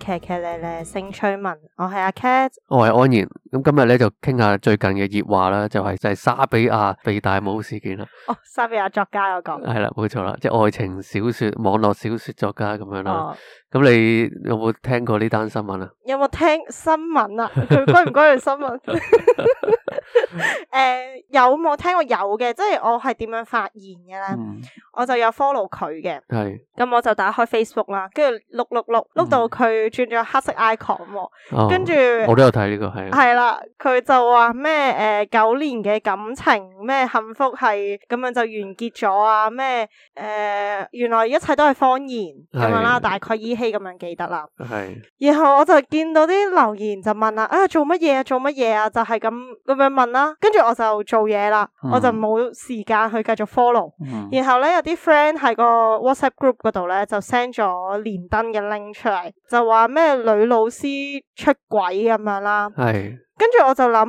劇劇咧咧，性趣聞，我係阿 Cat，我係安然。咁今日咧就傾下最近嘅熱話啦，就係就係莎比亞被大帽事件啦。哦，莎比亞作家嗰、那個，係啦，冇錯啦，即係愛情小說、網絡小說作家咁樣啦。咁、哦、你有冇聽過呢單新聞啊？有冇聽新聞啊？關唔關佢新聞？誒，有冇聽過有嘅？即係我係點樣發現嘅咧？嗯、我就有 follow 佢嘅，係是。咁我就打開 Facebook 啦，跟住碌碌碌碌到佢。 轉咗黑色 icon 喎、oh, 著，跟住我都有睇呢、這個係。係啦，佢就話咩誒九年嘅感情咩幸福係咁樣就完結咗啊咩誒原來一切都係謊言咁的樣啦，大概依稀咁樣記得啦。係的。然後我就見到啲留言就問啦啊做乜嘢啊做乜嘢啊就係咁咁樣問啦，跟住我就做嘢啦，嗯、我就冇時間去繼續 follow、嗯。然後咧有啲 friend 喺個 WhatsApp group 嗰度咧就 send 咗連登嘅 link 出嚟，就話。就咩女老師出軌咁樣啦？係，跟住我就諗，誒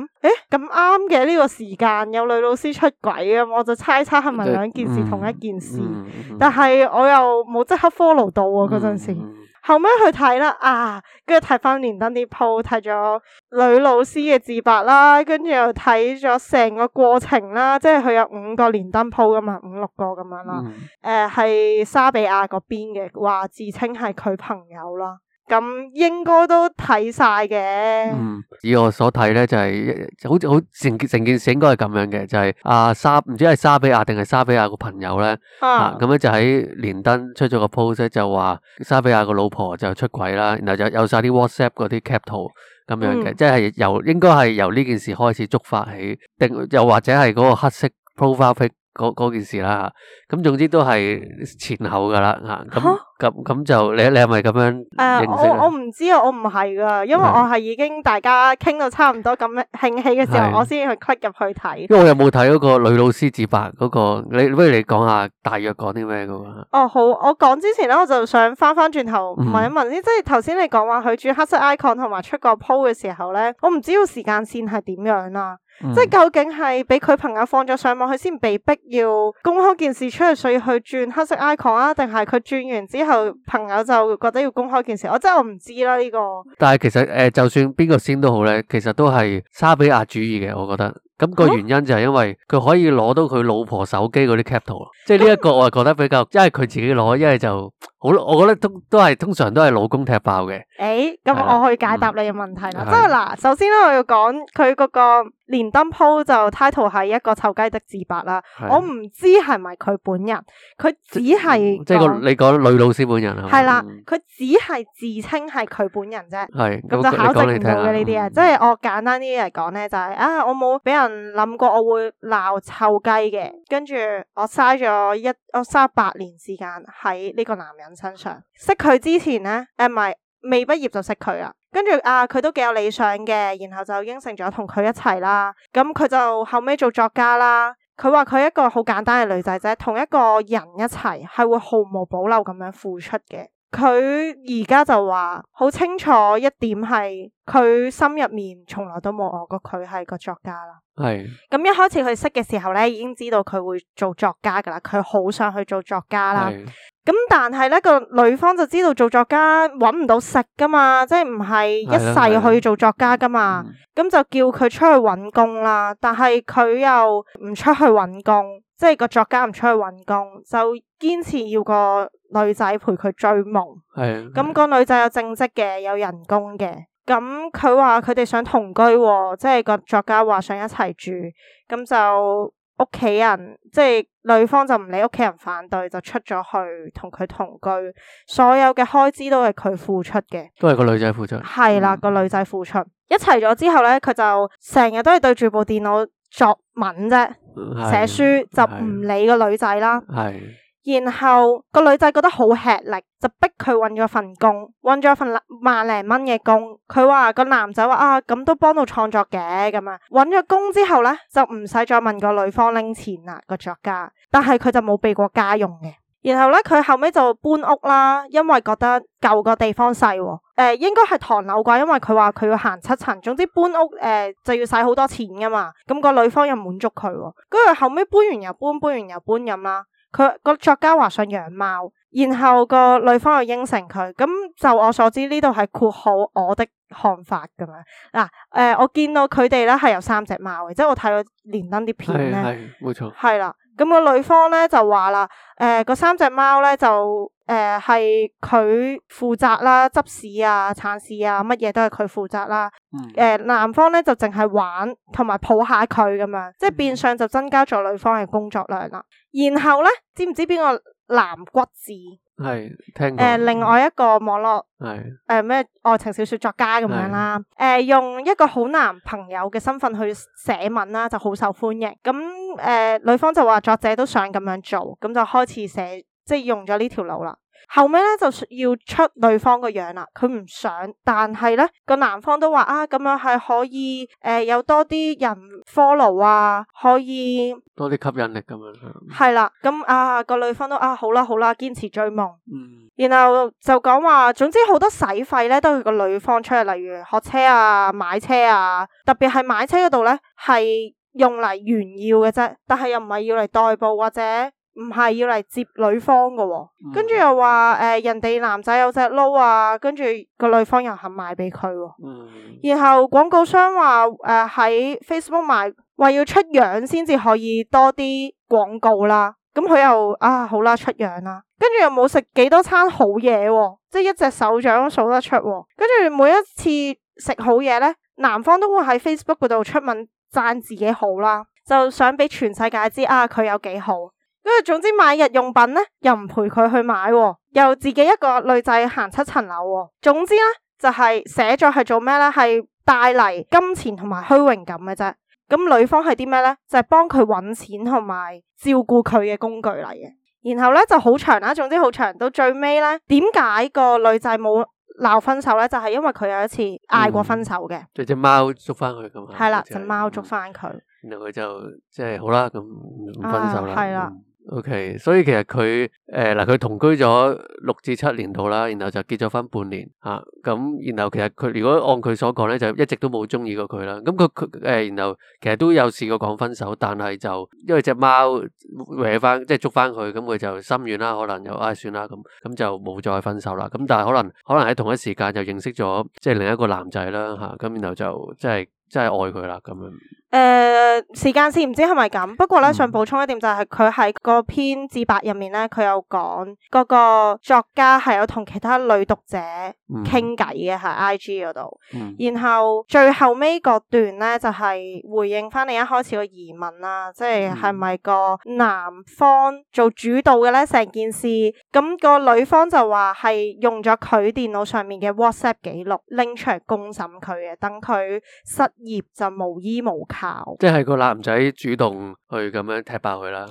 咁啱嘅呢個時間有女老師出軌咁、啊，我就猜測係咪兩件事同一件事？就是嗯嗯嗯、但係我又冇即刻 follow 到啊！嗰陣時後尾去睇啦啊！跟住睇翻連登啲鋪，睇咗女老師嘅自白啦、啊，跟住又睇咗成個過程啦、啊，即係佢有五個連登鋪噶嘛，五六個咁樣啦。誒、嗯，係、嗯呃、沙比亞嗰邊嘅話自稱係佢朋友啦。咁應該都睇晒嘅。嗯，以我所睇咧、就是，就係好似好成件成件事應該係咁樣嘅，就係阿莎，唔知係莎比亞定係莎比亞個朋友咧，啊，咁咧、啊、就喺連登出咗個 post，就話莎比亞個老婆就出軌啦，然後就有晒啲 WhatsApp 嗰啲 cap 圖咁樣嘅，嗯、即係由應該係由呢件事開始觸發起，定又或者係嗰個黑色 profile 嗰件事啦，咁、啊、總之都係前後噶啦，啊咁。啊咁就你你係咪咁樣？誒、呃，我我唔知啊，我唔係噶，因為我係已經大家傾到差唔多咁興起嘅時候，的我先去 click 入去睇。因為我有冇睇嗰個女老師自白嗰、那個，你不如你講下大約講啲咩噶嘛？哦，好，我講之前咧，我就想翻翻轉頭問一問先，嗯、即係頭先你講話佢轉黑色 icon 同埋出個 po 嘅時候咧，我唔知道時間線係點樣啦，嗯、即係究竟係俾佢朋友放咗上網，佢先被逼要公開件事出去，所以去轉黑色 icon 啊，定係佢轉完之後？朋友就覺得要公開件事，我真係我唔知啦呢個。但係其實誒、呃，就算邊個先都好咧，其實都係沙比亞主義嘅，我覺得。咁個原因就係因為佢可以攞到佢老婆手機嗰啲 cap 圖， 即係呢一個我係覺得比較，一係佢自己攞，一係就。我我覺得都都係通常都係老公踢爆嘅。誒、欸，咁我去解答你嘅問題啦。即係嗱，的嗯、首先咧我要講佢嗰個連登鋪就 title 係一個臭雞的自白啦。是我唔知係咪佢本人，佢只係即係、那個你個女老師本人啊？係啦，佢只係自稱係佢本人啫。係咁、嗯、就考證唔到嘅呢啲啊。即係、嗯、我簡單啲嚟講咧，就係啊，我冇俾人諗過我會鬧臭雞嘅。跟住我嘥咗一我嘥八年時間喺呢個男人身上識佢之前咧，誒、哎，唔係未畢業就識佢啦。跟住啊，佢都幾有理想嘅，然後就應承咗同佢一齊啦。咁、嗯、佢就後尾做作家啦。佢話佢一個好簡單嘅女仔仔，同一個人一齊係會毫無保留咁樣付出嘅。佢而家就話好清楚一點係，佢心入面從來都冇餓過佢係個作家啦。係咁是、嗯、一開始佢識嘅時候咧，已經知道佢會做作家噶啦。佢好想去做作家啦。咁但係咧個女方就知道做作家揾唔到食噶嘛，即係唔係一世去做作家噶嘛，咁就叫佢出去揾工啦。但係佢又唔出去揾工，即係個作家唔出去揾工，就堅持要個女仔陪佢追夢。係，咁個女仔有正職嘅，有人工嘅。咁佢話佢哋想同居喎，即係個作家話想一齊住，咁就。屋企人即係女方就唔理屋企人反對，就出咗去同佢同居，所有嘅開支都係佢付出嘅，都係個女仔付，付出。係啦、嗯，個女仔付出一齊咗之後咧，佢就成日都係對住部電腦作文啫，寫的書就唔理個女仔啦。係。然後個女仔覺得好吃力，就逼佢搵咗份工，搵咗份萬零蚊嘅工。佢話個男仔話啊，咁都幫到創作嘅咁啊。搵咗工之後呢，就唔使再問個女方拎錢啦。個作家，但係佢就冇俾過家用嘅。然後呢，佢後尾就搬屋啦，因為覺得舊個地方細，哦，誒、呃，應該係唐樓啩，因為佢話佢要行七層。總之搬屋誒、呃、就要使好多錢噶嘛。咁個女方又唔滿足佢、哦，跟住後尾，搬完又搬，搬完又搬咁啦。嗯佢個作家話想養貓，然後個女方又應承佢。咁就我所知呢度係括號我的看法咁樣。嗱、啊，誒、呃、我見到佢哋咧係有三隻貓嘅，即係我睇到連登啲片咧，係冇錯，係啦。咁個女方咧就話啦，誒、呃，嗰三隻貓咧就誒係佢負責啦，執屎啊、鏟屎啊，乜嘢都係佢負責啦。誒、嗯呃、男方咧就淨係玩同埋抱，抱下佢咁樣，即係變相就增加咗女方嘅工作量啦。然後咧，知唔知邊個男骨子？係聽誒、呃，另外一個網絡係誒咩愛情小說作家咁樣啦，誒是、呃、用一個好男朋友嘅身份去寫文啦，就好受歡迎。咁、呃、誒、呃、女方就話作者都想咁樣做，咁就開始寫，即係用咗呢條路啦。後尾咧就要出女方個樣啦，佢唔想，但係咧個男方都話啊，咁樣係可以誒、呃，有多啲人 follow 啊，可以多啲吸引力咁樣係。係、嗯、啦，咁啊個女方都啊好啦好啦，堅持追夢。嗯、然後就講話，總之好多使費咧都係個女方出嚟，例如學車啊、買車啊，特別係買車嗰度咧係用嚟炫耀嘅啫，但係又唔係要嚟代步或者。唔係要嚟接女方噶、哦，嗯、跟住又話誒、呃，人哋男仔有只撈啊，跟住個女方又肯賣俾佢。嗯、然後廣告商話誒喺 Facebook 賣，話、呃、要出樣先至可以多啲廣告啦。咁、嗯、佢又啊好啦，出樣啦。跟住又冇食幾多餐好嘢、哦，即係一隻手掌數得出、哦。跟住每一次食好嘢咧，男方都會喺 Facebook 嗰度出文讚自己好啦，就想俾全世界知啊佢有幾好。跟住，總之買日用品咧，又唔陪佢去買、啊，又自己一個女仔行七層樓、啊。總之咧就係寫咗係做咩咧，係帶嚟金錢同埋虛榮感嘅啫。咁女方係啲咩咧？就係幫佢搵錢同埋照顧佢嘅工具嚟嘅。然後咧就好長啦、啊，總之好長到最尾咧，點解個女仔冇鬧分手咧？就係、是、因為佢有一次嗌過分手嘅、嗯。就隻貓捉翻佢咁係啦，隻貓捉翻佢，就是、然後佢就即係、就是、好啦，咁唔分手啦。啊 O.K.，所以其實佢誒嗱，佢、呃、同居咗六至七年度啦，然後就結咗婚半年吓，咁、啊、然後其實佢如果按佢所講咧，就一直都冇中意過佢啦。咁佢誒，然後其實都有試過講分手，但係就因為隻貓搲翻，即係捉翻佢，咁佢就心軟啦，可能又唉、哎、算啦，咁咁就冇再分手啦。咁但係可能可能喺同一時間就認識咗即係另一個男仔啦吓，咁、啊、然後就即係真係愛佢啦咁樣。誒、呃、時間線唔知係咪咁，不過咧想補充一點就係佢喺個篇自白入面咧，佢有講、嗰個作家係有同其他女讀者傾偈嘅係 IG 嗰度。嗯、然後最後尾嗰段咧就係、是、回應翻你一開始個疑問啦，即係係咪個男方做主導嘅咧成件事？咁、嗰個女方就話係用咗佢電腦上面嘅 WhatsApp 記錄拎出嚟公審佢嘅，等佢失業就無依無靠。即係個男仔主動去咁樣踢爆佢啦，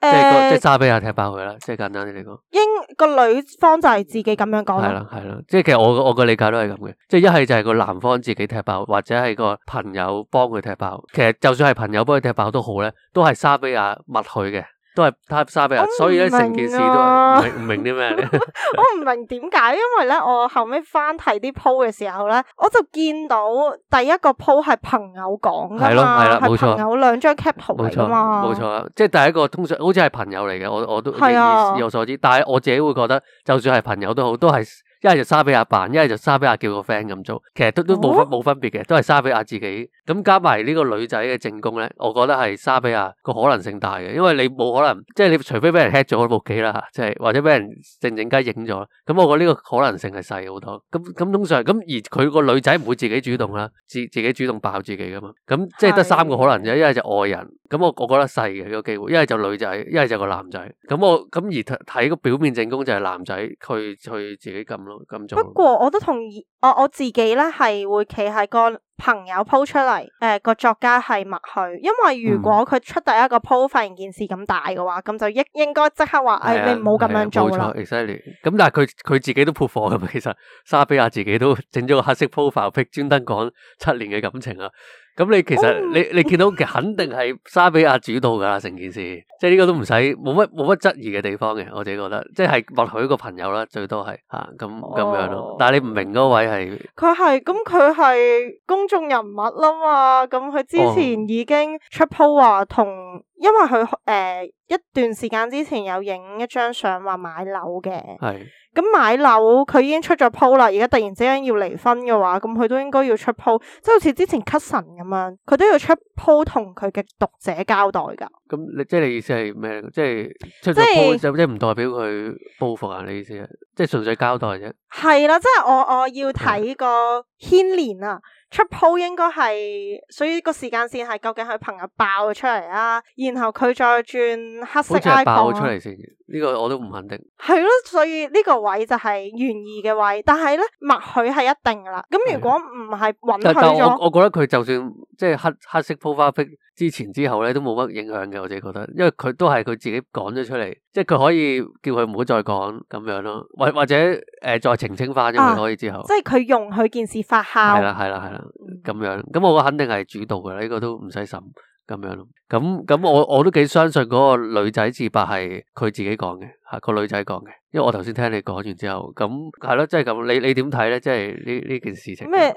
欸，即係個即係沙比亞踢爆佢啦，即係簡單啲嚟講。英個女方就係自己咁樣講。係啦係啦，即係其實我我個理解都係咁嘅，即係一係就係個男方自己踢爆，或者係個朋友幫佢踢爆。其實就算係朋友幫佢踢爆都好咧，都係沙比亞默佢嘅。都係他沙皮啊，所以咧成件事都係唔明啲咩？我唔 明點解？因為咧，我後尾翻睇啲 po 嘅時候咧，我就見到第一個 po 係朋友講噶錯嘛，係朋友有兩張 cap 圖嚟噶嘛，冇錯，即係第一個通常好似係朋友嚟嘅，我我都係啊，據我了所知，但係我自己會覺得，就算係朋友都好，都係。一係就莎比亞扮，一係就莎比亞叫個 friend 咁做，其實都都冇分冇分別嘅，都係莎比亞自己。咁加埋呢個女仔嘅證供咧，我覺得係莎比亞個可能性大嘅，因為你冇可能，即係你除非俾人 hack 咗部機啦，即係或者俾人靜靜雞影咗。咁我覺得呢個可能性係細好多。咁咁通常咁而佢個女仔唔會自己主動啦，自自己主動爆自己㗎嘛。咁即係得三個可能啫，一係就外人，咁我我覺得細嘅個機會。一係就女仔，一係就個男仔。咁我咁而睇個表面證供就係男仔，佢佢自己撳咯。不過我都同意，我我自己咧係會企喺個朋友鋪出嚟，誒、呃、個作家係默許，因為如果佢出第一個鋪、嗯、發現件事咁大嘅話，咁就應應該即刻話誒、啊哎、你唔好咁樣做啦。咁、啊、但係佢佢自己都潑火噶嘛，其實莎比亞自己都整咗個黑色鋪法辟，專登講七年嘅感情啊。咁你其實不你你見到其肯定係沙比亞主導噶啦成件事，即係呢個都唔使冇乜冇乜質疑嘅地方嘅，我自己覺得，即係或許一個朋友啦，最多係吓咁咁樣咯。但係你唔明嗰位係，佢係咁佢係公眾人物啦嘛，咁佢之前已經出鋪話同。哦因為佢誒、呃、一段時間之前有影一張相話買樓嘅，係咁是的、嗯、買樓佢已經出咗 po 啦，而家突然之間要離婚嘅話，咁、嗯、佢都應該要出 p 即係好似之前 c o u s i 咁樣，佢都要出 p 同佢嘅讀者交代噶。咁你即係你意思係咩？即係出咗 p 就即係是唔代表佢報復啊？你意思啊？即係純粹交代啫，係啦，即係我我要睇個牽連啊，出鋪應該係，所以個時間線係究竟佢朋友爆咗出嚟啊，然後佢再轉黑色 iPhone、啊、出嚟先，呢、呢個我都唔肯定。係咯，所以呢個位就係懸疑嘅位，但係咧默許係一定噶啦。咁如果唔係允許咗，但但我覺得佢就算。即係黑黑色鋪花壁之前之後咧都冇乜影響嘅，我自己覺得，因為佢都係佢自己講咗出嚟，即係佢可以叫佢唔好再講咁樣咯，或或者誒、呃、再澄清翻，因為可以之後，即係佢用佢件事發酵，係啦，係啦，係啦咁樣。咁我肯定係主導噶啦，呢個都唔使審咁樣。咁咁我我都幾相信嗰個女仔自白係佢自己講嘅，吓個女仔講嘅。因為我頭先聽你講完之後，咁係咯，即係咁，你你點睇咧？即係呢呢件事情。咩？誒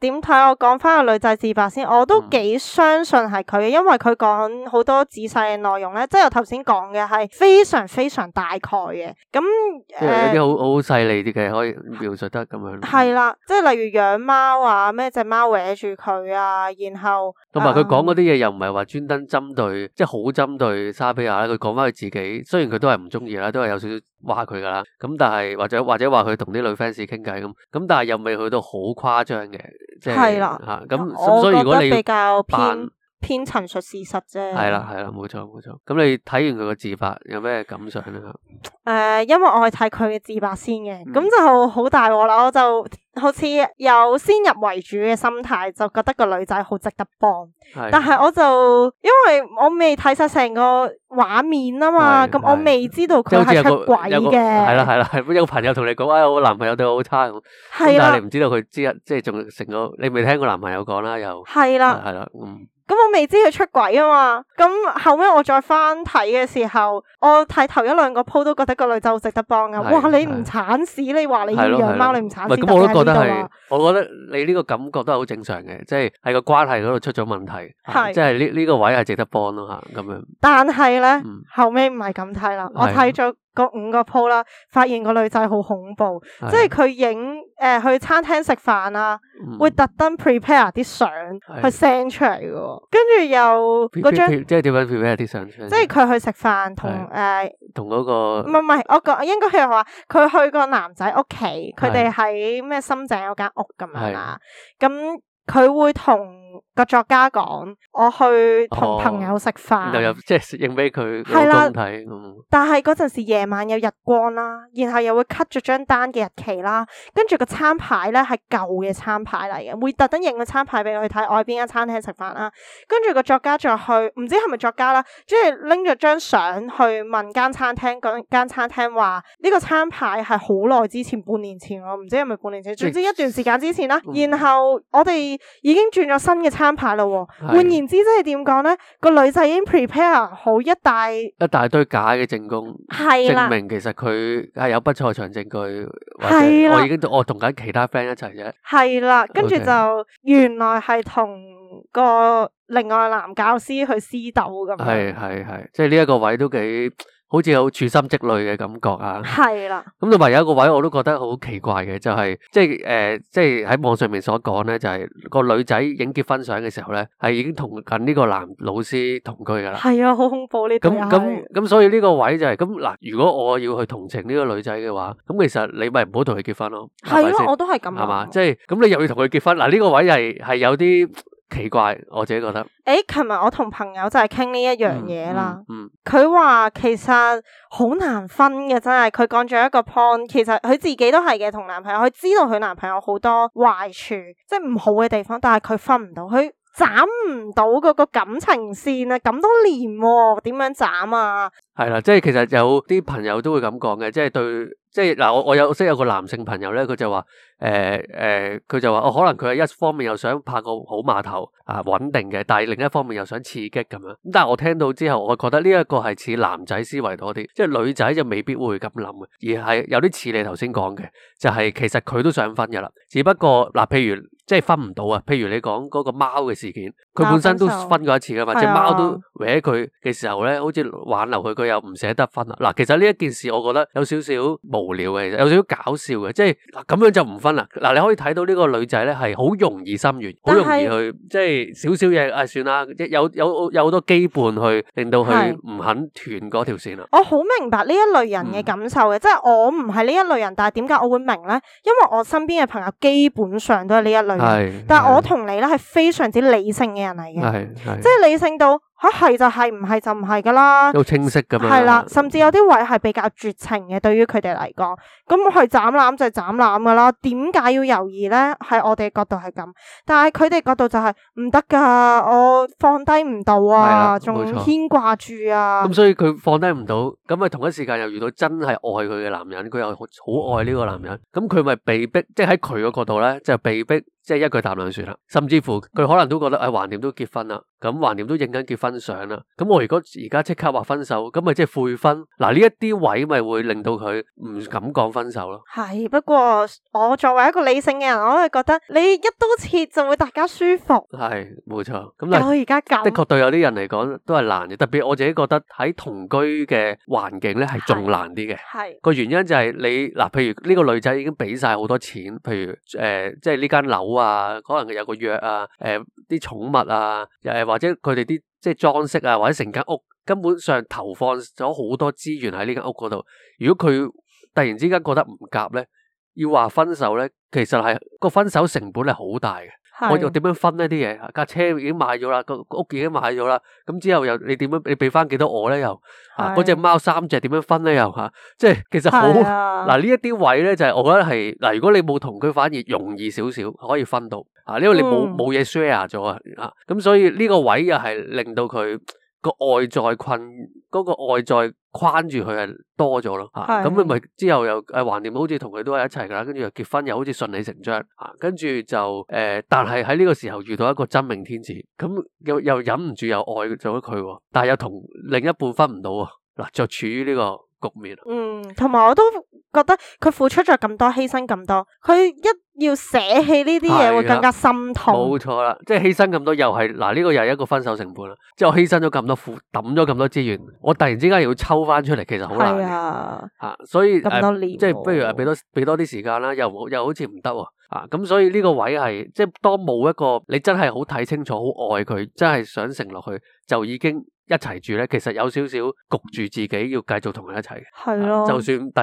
點睇？我講翻個女仔自白先，我都幾相信係佢嘅，因為佢講好多仔細嘅內容咧。即係我頭先講嘅係非常非常大概嘅。咁誒、呃嗯，有啲好好細膩啲嘅，可以描述得咁、嗯、樣。係啦，即係例如養貓啊，咩隻貓搲住佢啊，然後同埋佢講嗰啲嘢又唔係話專登針對，即係好針對莎比亞啦。佢講翻佢自己，雖然佢都係唔中意啦，都係有少少。話佢噶啦，咁但係或者或者話佢同啲女 fans 傾偈咁，咁但係又未去到好誇張嘅，即係吓咁，所以如果你扮。偏陳述事實啫，係啦係啦，冇錯冇錯。咁你睇完佢個自白有咩感想呢？誒，uh, 因為我係睇佢嘅自白先嘅，咁就好大鑊啦，啊。我就好似有先入為主嘅心態，就覺得個女仔好值得幫。啦但係我就因為我未睇晒成個畫面啊嘛，咁的我未知道佢係出軌嘅。係啦係啦，有個朋友同你講，誒、哎，我男朋友對我好差咁。係啦，你唔知道佢知道，係即係仲成個，你未聽過男朋友講啦又。係啦，係啦，嗯。咁我未知佢出軌啊嘛，咁後尾我再翻睇嘅時候，我睇頭一兩個鋪都覺得個女仔好值得幫啊！的哇，你唔鏟屎，你話你要養貓你唔鏟屎，咁我都覺得係，我覺得你呢個感覺都係好正常嘅，即係喺個關係嗰度出咗問題，的啊、即係呢呢個位係值得幫咯吓，咁樣。的但係咧、嗯、後尾唔係咁睇啦，我睇咗的。個五個鋪啦，發現個女仔好恐怖，是的 即係佢影誒去餐廳食飯啦，嗯、會特登 prepare 啲相去 send 出嚟嘅。是的，跟住又張即係點樣 prepare 啲相出嚟？即係佢去食飯同誒，同嗰、呃、那個唔係唔係，我講應該係話佢去個男仔屋企，佢哋喺咩深井有間屋咁啊，咁佢會同。個作家講：我去同朋友食飯，哦，即係影俾佢睇。的嗯、但係嗰陣時夜晚有日光啦，然後又會 cut 咗張單嘅日期啦，跟住個餐牌咧係舊嘅餐牌嚟嘅，會特登影個餐牌俾佢睇，我喺邊間餐廳食飯啦。跟住個作家再去，唔知係咪作家啦，即係拎咗張相去問間餐廳嗰間餐廳話呢、呢個餐牌係好耐之前，半年前我唔知係咪半年前，總之一段時間之前啦。嗯、然後我哋已經轉咗新嘅。餐牌咯，換言之，即係點講咧？個女仔已經 prepare 好一大一大堆假嘅證供，證明其實佢係有不錯場證據，或者我已經我同緊其他 friend 一齊啫。係啦，跟住就原來係同個另外男教師去私鬥咁。係係係，即係呢一個位都幾。好似有處心積慮嘅感覺啊！係啦的，咁同埋有一個位我都覺得好奇怪嘅，就係即係誒，即係喺、呃、網上面所講咧，就係、是、個女仔影結婚相嘅時候咧，係已經同緊呢個男老師同居噶啦。係啊，好恐怖呢！咁咁咁，所以呢個位就係咁嗱。如果我要去同情呢個女仔嘅話，咁其實你咪唔好同佢結婚咯。係咯的，吧我都係咁啊。即係咁，就是、你又要同佢結婚嗱？呢個位係係有啲。奇怪，我自己覺得。誒，琴日我同朋友就係傾呢一樣嘢啦。佢話、嗯嗯嗯、其實好難分嘅，真係。佢講咗一個 point，其實佢自己都係嘅，同男朋友。佢知道佢男朋友好多壞處，即係唔好嘅地方，但係佢分唔到，佢斬唔到嗰個感情線啊！咁多年喎，點樣斬啊？係啦，即係其實有啲朋友都會咁講嘅，即係對，即係嗱，我我有識有個男性朋友咧，佢就話，誒、欸、誒，佢、欸、就話，哦，可能佢係一方面又想拍個好碼頭啊穩定嘅，但係另一方面又想刺激咁樣。咁但係我聽到之後，我覺得呢一個係似男仔思維多啲，即係女仔就未必會咁諗嘅，而係有啲似你頭先講嘅，就係、是、其實佢都想分噶啦，只不過嗱，譬如即係分唔到啊，譬如你講嗰個貓嘅事件，佢本身都分過一次噶嘛，隻貓都歪佢嘅時候咧，好似挽留佢。又唔捨得分啦，嗱，其實呢一件事，我覺得有少少無聊嘅，有少少搞笑嘅，即係咁樣就唔分啦。嗱，你可以睇到呢個女仔咧，係好容易心軟，好是容易去，即係少少嘢啊，算啦，有有有好多基本去令到佢唔肯斷嗰條線啦。我好明白呢一類人嘅感受嘅，嗯、即係我唔係呢一類人，但係點解我會明咧？因為我身邊嘅朋友基本上都係呢一類人，但係我同你咧係非常之理性嘅人嚟嘅，即係理性到。吓，係就係，唔係就唔係噶啦，都清晰噶嘛。係啦，甚至有啲位係比較絕情嘅，對於佢哋嚟講，咁、嗯、去斬纜就係斬纜噶啦。點解要猶豫咧？喺我哋角度係咁，但係佢哋角度就係唔得噶，我放低唔到啊，仲要牽掛住啊。咁所以佢放低唔到，咁咪同一時間又遇到真係愛佢嘅男人，佢又好愛呢個男人，咁佢咪被逼，即係喺佢個角度咧，就係被逼。即係一句答兩說啦，甚至乎佢可能都覺得誒，橫掂都結婚啦，咁橫掂都影緊結婚相啦。咁我如果而家即刻話分手，咁咪即係悔婚嗱？呢一啲位咪會令到佢唔敢講分手咯。係不過我作為一個理性嘅人，我係覺得你一刀切就會大家舒服。係冇錯咁，但係而家的確對有啲人嚟講都係難嘅，特別我自己覺得喺同居嘅環境咧係仲難啲嘅。係個原因就係你嗱，譬如呢個女仔已經俾晒好多錢，譬如誒、呃，即係呢間樓啊。啊，可能有個約啊，誒、呃，啲寵物啊，又或者佢哋啲即係裝飾啊，或者成間屋根本上投放咗好多資源喺呢間屋度。如果佢突然之間覺得唔夾咧，要話分手咧，其實係、呢個分手成本係好大嘅。我又點樣分呢啲嘢？架車已經買咗啦，個屋已經買咗啦。咁之後又你點樣？你俾翻幾多我咧？又嗱，嗰是、啊、隻貓三隻點樣分咧？又吓、啊，即係其實好嗱呢一啲位咧，就係我覺得係嗱，如果你冇同佢，反而容易少少，可以分到啊，因為你冇冇嘢 share 咗啊，咁、嗯、所以呢個位又係令到佢、個外在困嗰個外在。框住佢係多咗咯，咁、啊、咪是的 之後又誒，懷念好似同佢都係一齊㗎喇，跟住又結婚，又好似順理成章，啊、跟住就誒、呃，但係喺呢個時候遇到一個真命天子，咁又又忍唔住又愛咗佢、啊，但係又同另一半分唔到喎，嗱、啊，就處於呢個局面。嗯，同埋我都覺得佢付出咗咁多，犧牲咁多，佢一。要捨棄呢啲嘢會更加心痛。冇錯啦，即係犧牲咁多，又係嗱，呢個又係一個分手成本啦。即係我犧牲咗咁多，抌咗咁多資源，我突然之間要抽翻出嚟，其實好難。係啊，吓所以咁多年、啊，即係不如誒俾多俾多啲時間啦，又又好似唔得喎。啊，咁、嗯、所以呢個位係即係當冇一個你真係好睇清楚，好愛佢，真係想承落去就已經一齊住咧。其實有少少焗住自己要繼續同佢一齊。係咯、啊，就算突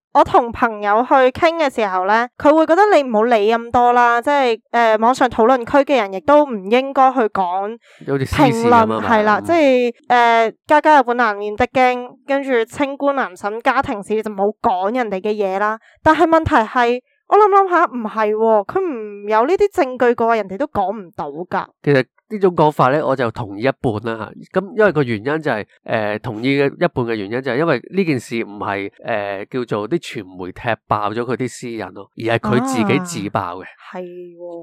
我同朋友去傾嘅時候咧，佢會覺得你唔好理咁多啦，即係誒、呃、網上討論區嘅人亦都唔應該去講評論係啦，即係誒、呃、家家有本難念的經，跟住清官難審家庭事就冇講人哋嘅嘢啦。但係問題係，我諗諗下唔係，佢唔、喔、有呢啲證據嘅話，人哋都講唔到噶。其實呢種講法咧，我就同意一半啦吓。咁因為個原因就係，誒，同意嘅一半嘅原因就係，因為呢件事唔係誒叫做啲傳媒踢爆咗佢啲私隱咯，而係佢自己自爆嘅。係，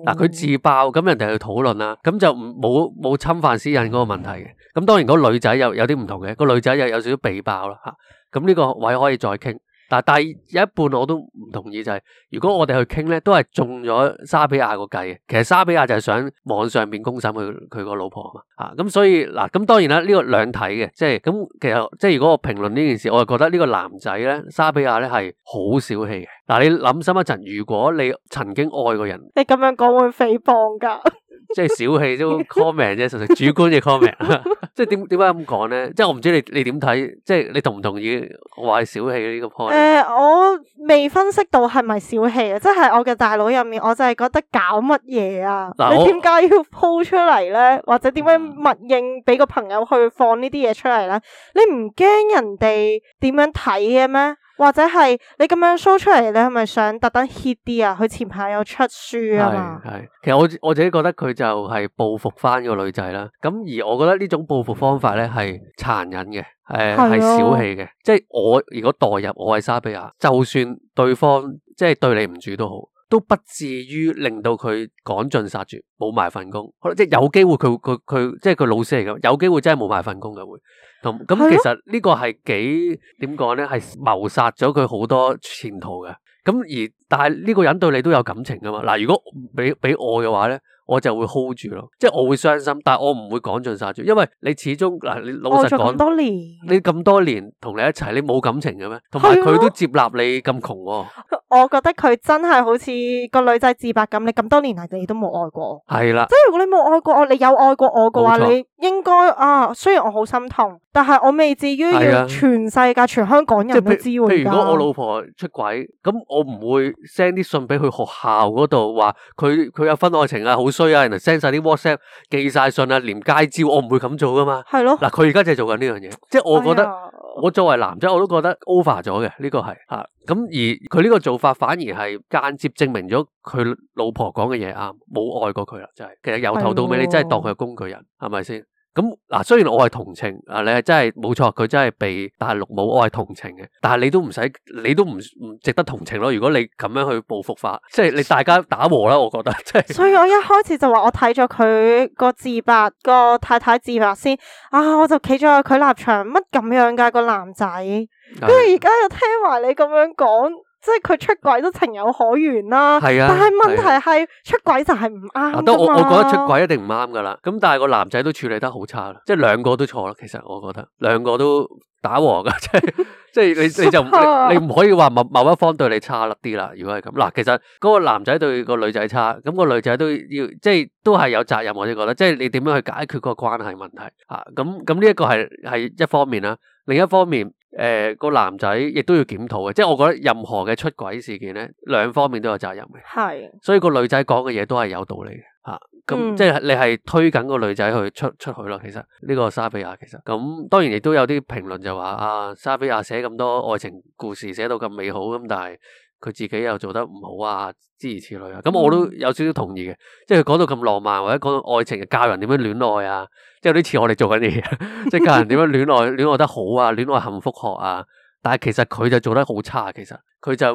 嗱佢自爆，咁人哋去討論啦，咁就唔冇冇侵犯私隱嗰個問題嘅。咁當然嗰女仔有有啲唔同嘅，個女仔又有少少被爆啦吓。咁呢個位可以再傾。但係有一半我都唔同意，就係、是、如果我哋去傾呢，都係中咗沙比亞個計嘅。其實沙比亞就係想網上面公審佢佢個老婆嘛。啊，咁所以嗱，咁、啊、當然啦，呢個兩睇嘅，即係咁其實即係如果我評論呢件事，我就覺得呢個男仔呢，沙比亞呢係好小氣嘅。嗱，你諗深一層，如果你曾經愛過人，你咁樣講會誹謗㗎。 即係小氣都 comment 啫，純粹 主觀嘅 comment。 即係點點解咁講咧？即係我唔知你你點睇，即係你同唔同意我話係小氣呢個 point？誒、呃，我未分析到係咪小氣啊！即係我嘅大腦入面，我就係覺得搞乜嘢啊？我你點解要 po 出嚟咧？或者點樣默應俾個朋友去放呢啲嘢出嚟咧？你唔驚人哋點樣睇嘅咩？或者係你咁樣 show 出嚟，你係咪想特登 hit 啲啊？佢前排有出書啊嘛。係，其實我我自己覺得佢就係報復翻個女仔啦。咁而我覺得呢種報復方法咧係殘忍嘅，誒係的小氣嘅。即、就、係、是、我如果代入我係莎比亞，就算對方即係、就是、對你唔住都好。都不至於令到佢趕盡殺絕，冇埋份工，即係有機會佢佢佢，即係佢老師嚟嘅，有機會真係冇埋份工嘅會。咁咁其實個呢個係幾點講咧？係謀殺咗佢好多前途嘅。咁而但係呢個人對你都有感情噶嘛？嗱，如果俾俾我嘅話咧，我就會 hold 住咯，即係我會傷心，但係我唔會趕盡殺絕，因為你始終嗱，你老實講，多年你咁多年同你一齊，你冇感情嘅咩？同埋佢都接納你咁窮喎，啊。 我覺得佢真係好似個女仔自白咁，你咁多年嚟，你都冇愛過我，係啦。即係如果你冇愛過我，你有愛過我嘅話，你應該啊，雖然我好心痛，但係我未至於要全世界、全香港人都知。即譬如果我老婆出軌，咁我唔會 send 啲信俾佢學校嗰度，話佢佢有婚愛情啊，好衰啊，人 send 晒啲 WhatsApp，寄晒信啊，連街招，我唔會咁做噶嘛。係咯，嗱，佢而家淨係做緊呢樣嘢，即係我覺得，我作為男仔，我都覺得 over 咗嘅呢個係吓。咁而佢呢個做法反而係間接證明咗佢老婆講嘅嘢啱，冇愛過佢啦，就係、是、其實由頭到尾你真係當佢係工具人，係咪先？是咁嗱，雖然我係同情，啊，你係真係冇錯，佢真係被大陸冇，我係同情嘅，但係你都唔使，你都唔唔值得同情咯。如果你咁樣去報復法，即係你大家打和啦，我覺得即係。所以我一開始就話我睇咗佢個自白，個太太自白先啊，我就企咗佢立場，乜咁樣噶個、啊、男仔，跟住而家又聽埋你咁樣講。即係佢出軌都情有可原啦，啊，啊、但係問題係出軌就係唔啱。都我我覺得出軌一定唔啱噶啦咁但係個男仔都處理得好差咯，即係兩個都錯咯。其實我覺得兩個都打和噶，即係即係你你就你唔可以話某某一方對你差甩啲啦。如果係咁嗱，其實嗰個男仔對個女仔差，咁個女仔都要即係都係有責任。我哋覺得即係你點樣去解決嗰個關係問題吓。咁咁呢一個係係一方面啦，啊，另一方面。誒，個、呃、男仔亦都要檢討嘅，即係我覺得任何嘅出軌事件咧，兩方面都有責任嘅。係的，所以個女仔講嘅嘢都係有道理嘅。吓、啊，咁、嗯、即係你係推緊個女仔去出出去咯。其實呢、這個莎比亞其實，咁當然亦都有啲評論就話啊，莎比亞寫咁多愛情故事寫到咁美好咁，但係。佢自己又做得唔好啊，諸如此類啊，咁我都有少少同意嘅。嗯、即係佢講到咁浪漫，或者講到愛情，教人點樣戀愛啊，即係有啲似我哋做緊嘅嘢，即係 教人點樣戀愛，戀愛得好啊，戀愛幸福學啊，但係其實佢就做得好差，其實佢就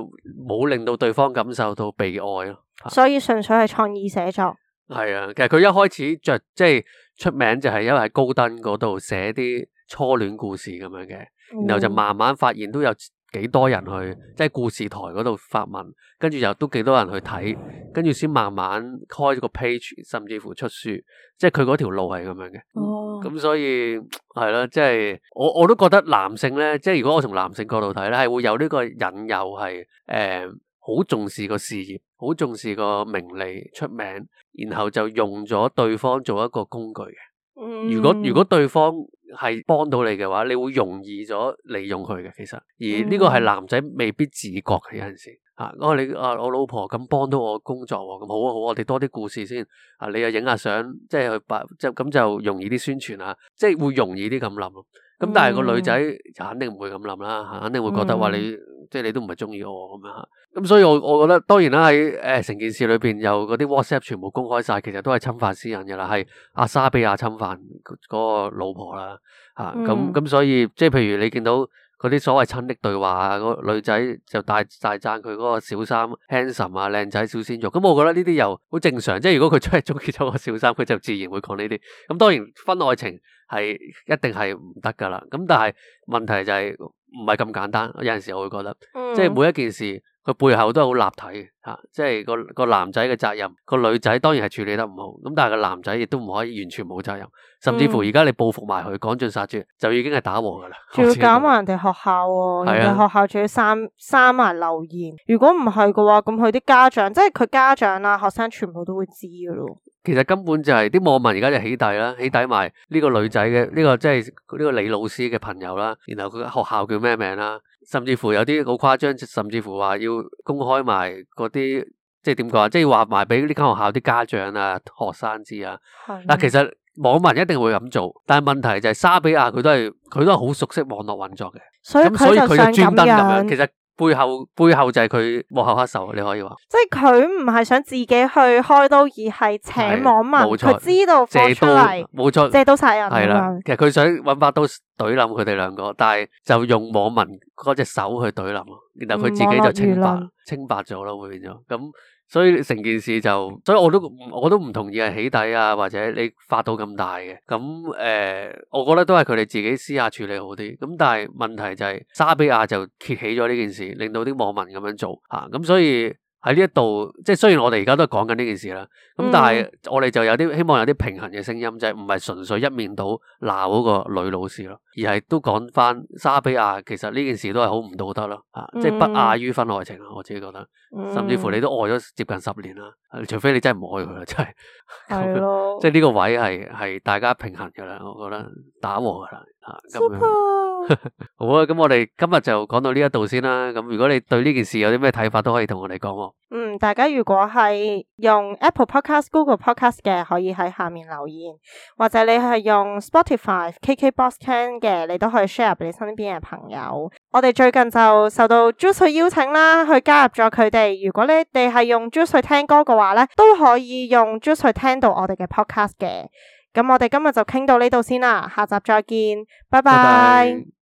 冇令到對方感受到被愛咯。所以純粹係創意寫作。係啊，其實佢一開始著即係出名就係因為喺高登嗰度寫啲初戀故事咁樣嘅，然後就慢慢發現都有。幾多人去，即係故事台嗰度發文，跟住又都幾多人去睇，跟住先慢慢開咗個 page，甚至乎出書，即係佢嗰條路係咁樣嘅。哦，咁所以係咯，即係我我都覺得男性呢，即係如果我從男性角度睇呢，係會有呢個引誘，係誒好重視個事業，好重視個名利出名，然後就用咗對方做一個工具嘅。如果如果對方係幫到你嘅話，你會容易咗利用佢嘅，其實而呢個係男仔未必自覺嘅，有陣時啊、啊，我你啊我老婆咁幫到我工作，咁好啊好啊，我哋多啲故事先啊，你又影下相，即係白即係咁就容易啲宣傳啊，即係會容易啲咁諗咯。咁、嗯、但係個女仔就肯定唔會咁諗啦，肯定會覺得話你，嗯、即係你都唔係中意我咁樣。咁所以我我覺得當然啦，喺誒成件事裏邊，又嗰啲 WhatsApp 全部公開晒，其實都係侵犯私隱噶啦，係阿莎比亞侵犯嗰個老婆啦吓。咁咁、嗯啊、所以即係譬如你見到嗰啲所謂親昵對話啊，個女仔就大大讚佢嗰個小三 handsome 啊，靚仔小鮮肉。咁我覺得呢啲又好正常，即係如果佢真係中意咗個小三，佢就自然會講呢啲。咁當然分愛情。係一定係唔得噶啦，咁但係問題就係唔係咁簡單，有陣時我會覺得，嗯、即係每一件事佢背後都係好立體吓、啊，即係個個男仔嘅責任，個女仔當然係處理得唔好，咁但係個男仔亦都唔可以完全冇責任，甚至乎而家你報復埋佢，趕盡殺絕就已經係打和噶啦，仲、嗯、要搞埋人哋學校、啊，人哋學校仲要刪刪埋留言，如果唔係嘅話，咁佢啲家長，即係佢家長啊，學生全部都會知噶咯。其實根本就係啲網民而家就起底啦，起底埋呢個女仔嘅呢個即係呢個李老師嘅朋友啦，然後佢學校叫咩名啦，甚至乎有啲好誇張，甚至乎話要公開埋嗰啲即係點講啊，即係話埋俾呢間學校啲家長啊、學生知啊。嗱，其實網民一定會咁做，但係問題就係沙比亞佢都係佢都係好熟悉網絡運作嘅，咁所以佢就專登咁樣。背後背後就係佢幕後黑手，你可以話，即係佢唔係想自己去開刀，而係請網民，佢知道借刀冇錯，借刀殺人係啦。其實佢想揾把刀懟冧佢哋兩個，但係就用網民嗰隻手去懟冧，然後佢自己就清白，無論無論清白咗咯，會變咗咁。所以成件事就，所以我都我都唔同意係起底啊，或者你發到咁大嘅，咁誒、呃，我覺得都係佢哋自己私下處理好啲，咁但係問題就係沙比亞就揭起咗呢件事，令到啲網民咁樣做吓，咁、啊、所以。喺呢一度，即係雖然我哋而家都係講緊呢件事啦，咁但係我哋就有啲希望有啲平衡嘅聲音就係，唔係純粹一面倒鬧嗰個女老師咯，而係都講翻莎比亞。其實呢件事都係好唔道德咯，嚇，即係不亞於婚外情啊！我自己覺得，甚至乎你都愛咗接近十年啦，除非你真係唔愛佢啦，真係，就係，是的 即係呢個位係係大家平衡嘅啦，我覺得打和嘅啦，嚇。 好啊，咁我哋今日就講到呢一度先啦。咁如果你對呢件事有啲咩睇法，都可以同我哋講哦。嗯，大家如果係用 Apple Podcast、Google Podcast 嘅，可以喺下面留言；或者你係用 Spotify、KKBox 聽嘅，你都可以 share 俾你身邊嘅朋友。我哋最近就受到 JOOX 邀請啦，去加入咗佢哋。如果你哋係用 JOOX 聽歌嘅話呢，都可以用 JOOX 聽到我哋嘅 Podcast 嘅。咁我哋今日就傾到呢度先啦，下集再見，拜拜，拜拜。